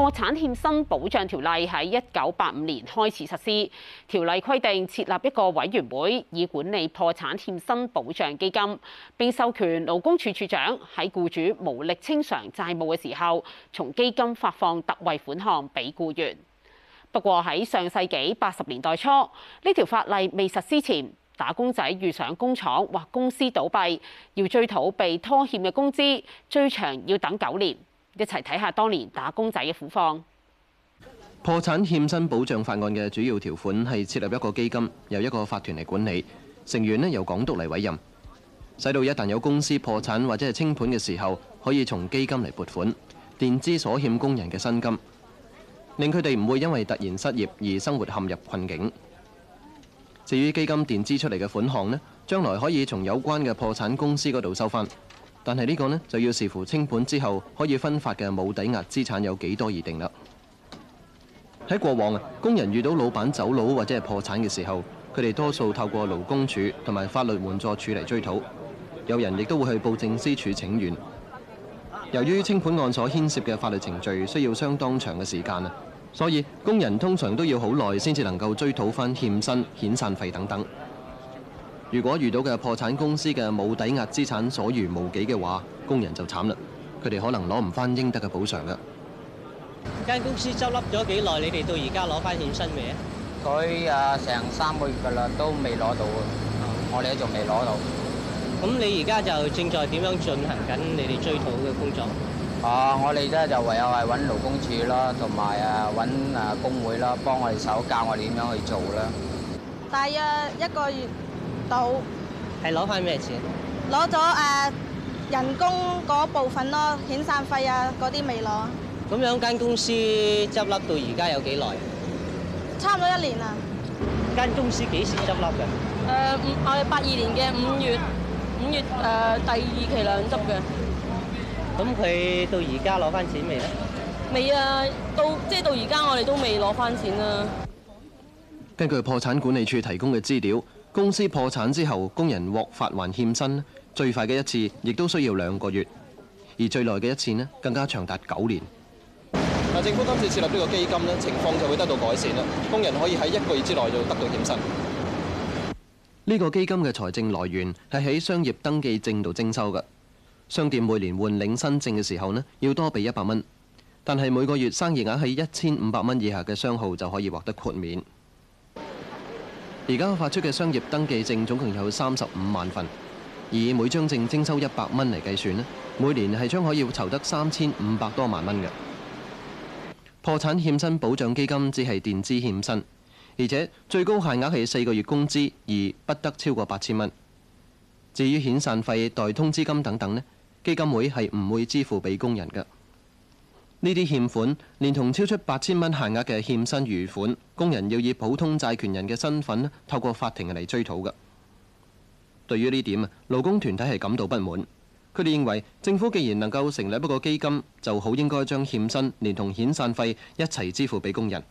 破產欠薪保障條例喺一九八五年開始實施，條例規定設立一個委員會以管理破產欠薪保障基金，並授權勞工處處長喺僱主無力清償債務嘅時候，從基金發放特惠款項俾僱員。不過，喺上世紀八十年代初，呢條法例未實施前，打工仔遇上工廠或公司倒閉，要追討被拖欠嘅工資，最長要等九年。一齊睇下當年打工仔嘅苦況。破產欠薪保障法案嘅主要條款係設立一個基金，由一個法團嚟管理，成員咧由港督嚟委任，使到一旦有公司破產或者係清盤嘅時候，可以從基金嚟撥款，墊支所欠工人嘅薪金，令佢哋唔會因為突然失業而生活陷入困境。至於基金墊支出嚟嘅款項咧，將來可以從有關嘅破產公司嗰度收翻。但係呢個呢就要視乎清盤之後可以分發嘅冇抵押資產有幾多而定啦。喺過往啊，工人遇到老闆走佬或者係破產嘅時候，佢哋多數透過勞工處同埋法律援助處嚟追討。有人亦都會去布政司署請願。由於清盤案所牽涉嘅法律程序需要相當長嘅時間啊，所以工人通常都要好耐先至能夠追討返欠薪、遣散費等等。如果遇到嘅破產公司嘅冇抵押資產所餘無幾嘅話，工人就慘啦，佢哋可能攞唔翻應得嘅補償啦。間公司執笠咗幾耐？你哋到而家攞翻欠薪未啊？佢啊，成三個月噶啦，都未攞到啊！我哋都仲未攞到。咁你而家就正在點樣進行緊你哋追討嘅工作？啊！我哋咧就唯有係揾勞工處啦，同埋啊揾啊工會啦，幫我哋手教我哋點樣去做啦。大約一個月。到係攞翻咩錢？攞咗誒人工嗰部分咯，遣散費啊嗰啲未攞。咁樣間公司執笠到而家有幾耐？差唔多一年啦。間公司幾時執笠嘅？誒、呃，我哋八二年嘅五月，五月誒、呃、第二期兩執嘅。咁佢到而家攞翻錢未咧？未啊，到即係、就是、到而家我哋都未攞翻錢啦。根據破產管理處提供嘅資料。公司破產之後，工人獲發還欠薪，最快嘅一次亦都需要兩個月，而最耐嘅一次更加長達九年。政府今次設立呢個基金咧，情況就會得到改善啦，工人可以喺一個月之內就得到欠薪。呢個基金嘅財政來源係喺商業登記證度徵收嘅，商店每年換領新證嘅時候呢，要多俾一百蚊，但係每個月生意額喺一千五百蚊以下嘅商號就可以獲得豁免。而家發出嘅商業登記證總共有三十五萬份，以每張證徵收一百蚊嚟計算呢，每年係將可以籌得三千五百多萬蚊嘅，破產欠薪保障基金只係墊支欠薪，而且最高限額係四個月工資，而不得超過八千蚊。至於遣散費、代通知金等等呢，基金會係唔會支付俾工人嘅。呢啲欠款，連同超出八千蚊限額嘅欠薪餘款，工人要以普通債權人嘅身份，透過法庭嚟追討嘅。對於呢點啊，勞工團體係感到不滿。佢哋認為，政府既然能夠成立一個基金，就好應該將欠薪連同遣散費一齊支付俾工人。